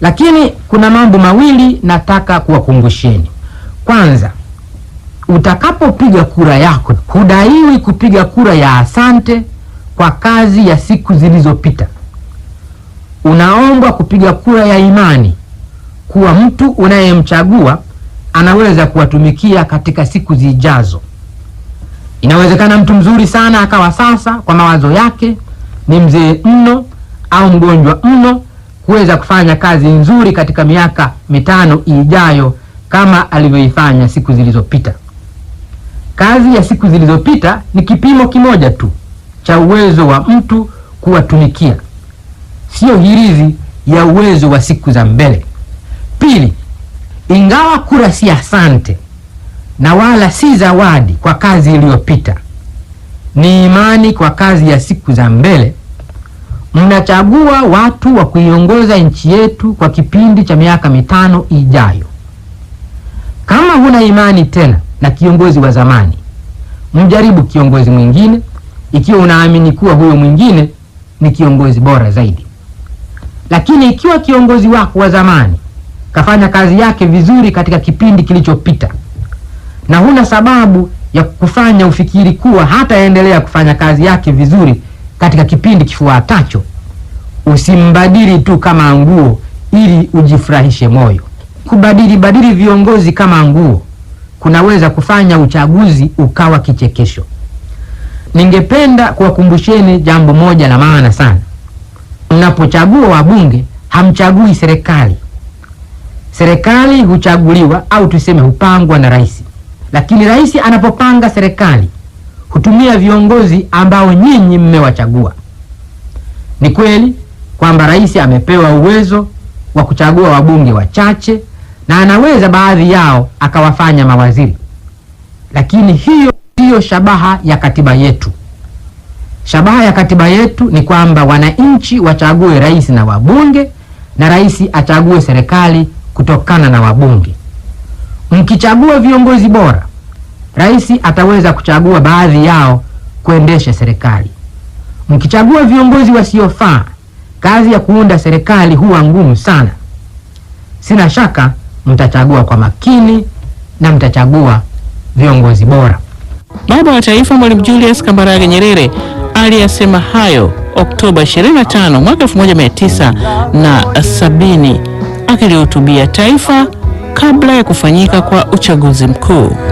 Lakini kuna mambo mawili nataka kuwakumbusheni. Kwanza, utakapopiga kura yako hudaiwi kupiga kura ya asante kwa kazi ya siku zilizopita. Unaombwa kupiga kura ya imani kuwa mtu unayemchagua anaweza kuwatumikia katika siku zijazo. Inawezekana mtu mzuri sana akawa sasa kwa mawazo yake ni mzee mno au mgonjwa mno kuweza kufanya kazi nzuri katika miaka mitano ijayo kama alivyoifanya siku zilizopita. Kazi ya siku zilizopita ni kipimo kimoja tu cha uwezo wa mtu kuwatumikia, siyo hirizi ya uwezo wa siku za mbele. Pili, ingawa kura si asante na wala si zawadi kwa kazi iliyopita, ni imani kwa kazi ya siku za mbele mnachagua watu wa kuiongoza nchi yetu kwa kipindi cha miaka mitano ijayo. Kama huna imani tena na kiongozi wa zamani, mjaribu kiongozi mwingine, ikiwa unaamini kuwa huyo mwingine ni kiongozi bora zaidi. Lakini ikiwa kiongozi wako wa zamani kafanya kazi yake vizuri katika kipindi kilichopita na huna sababu ya kufanya ufikiri kuwa hataendelea kufanya kazi yake vizuri katika kipindi kifuatacho, usimbadili tu kama nguo ili ujifurahishe moyo. Kubadili badili viongozi kama nguo kunaweza kufanya uchaguzi ukawa kichekesho. Ningependa kuwakumbusheni jambo moja la maana sana. Mnapochagua wabunge, hamchagui serikali. Serikali huchaguliwa au tuseme hupangwa na rais, lakini rais anapopanga serikali hutumia viongozi ambao nyinyi mmewachagua. Ni kweli kwamba rais amepewa uwezo wa kuchagua wabunge wachache na anaweza baadhi yao akawafanya mawaziri, lakini hiyo ndiyo shabaha ya katiba yetu. Shabaha ya katiba yetu ni kwamba wananchi wachague rais na wabunge, na rais achague serikali kutokana na wabunge. Mkichagua viongozi bora rais ataweza kuchagua baadhi yao kuendesha serikali. Mkichagua viongozi wasiofaa, kazi ya kuunda serikali huwa ngumu sana. Sina shaka mtachagua kwa makini na mtachagua viongozi bora. Baba wa Taifa Mwalimu Julius Kambarage Nyerere aliyasema hayo Oktoba 25 mwaka 1970 akilihutubia taifa kabla ya kufanyika kwa uchaguzi mkuu.